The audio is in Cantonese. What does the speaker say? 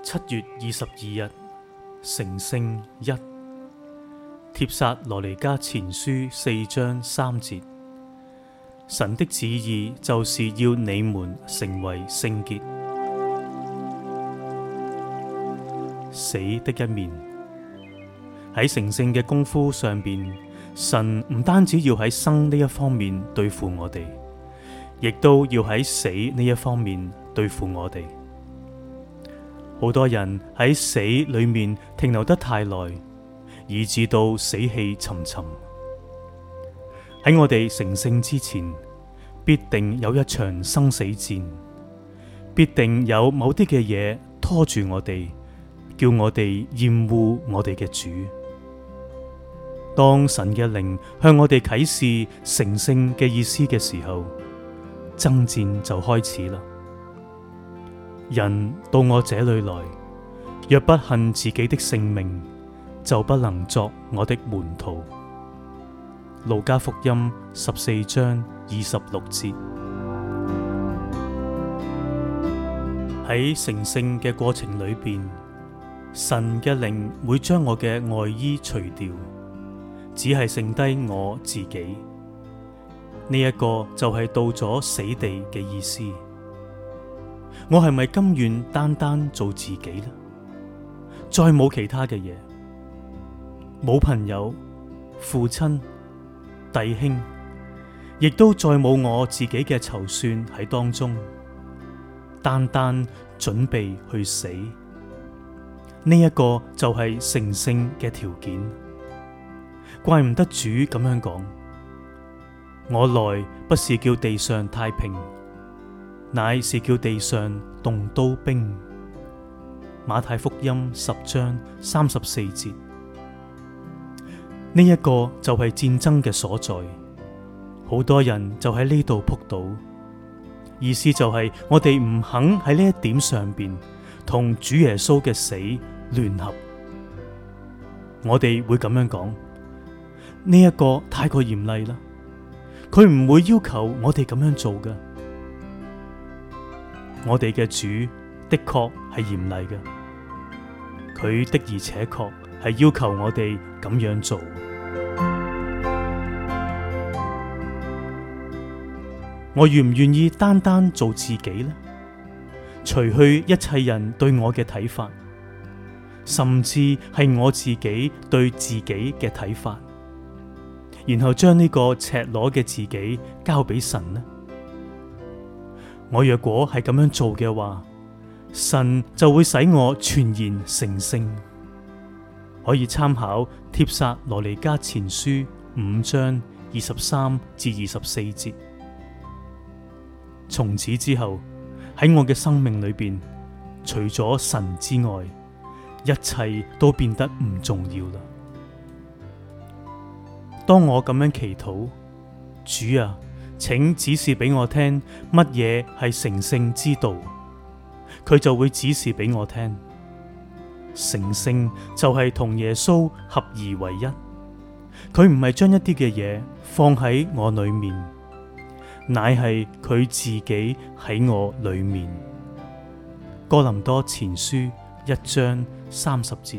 七月二十二日，成聖一帖撒羅尼加前書四章三節，神的旨意就是要你們成為聖潔。死的一面喺成聖嘅功夫上邊，神唔單止要喺生呢一方面對付我哋。亦都要喺死呢一方面對付我哋。好多人喺死裏面停留得太耐，以至到死氣沉沉。喺我哋成聖之前，必定有一場生死戰，必定有某啲嘅嘢拖住我哋，叫我哋厭惡我哋嘅主。當神嘅靈向我哋啟示成聖嘅意思嘅時候，爭戰就開始啦！人到我這裏來，若不恨自己的性命，就不能作我的門徒。路加福音十四章二十六節。喺 成聖嘅過程裏邊，神嘅靈會將我嘅外衣除掉，只係剩低我自己。呢一個就係到咗死地嘅意思，我係咪甘願單單做自己呢？再冇其他嘅嘢，冇朋友、父親、弟兄，亦都再冇我自己嘅籌算喺當中，單單準備去死，呢一個就係成聖嘅條件。怪唔得主咁樣講。我來不是叫地上太平，乃是叫地上動刀兵。馬太福音十章三十四節，呢一個就係戰爭嘅所在。好多人就喺呢度撲倒，意思就係我哋唔肯喺呢一點上邊同主耶穌嘅死聯合。我哋會咁樣講，呢一個太過嚴厲啦。佢唔會要求我哋咁樣做嘅，我哋嘅主的確係嚴厲嘅，佢的而且確係要求我哋咁樣做。我願唔願意單單做自己呢？除去一切人對我嘅睇法，甚至係我自己對自己嘅睇法。然後將呢個赤裸嘅自己交俾神呢？我若果係咁樣做嘅話，神就會使我全然成聖。可以參考帖撒羅尼加前書五章二十三至二十四節。從此之後喺我嘅生命裏邊，除咗神之外，一切都變得唔重要啦。當我咁樣祈禱，主啊，請指示俾我聽乜嘢係成聖之道，佢就會指示俾我聽。成聖就係同耶穌合而為一，佢唔係將一啲嘅嘢放喺我裏面，乃係佢自己喺我裏面。哥林多前書一章三十節。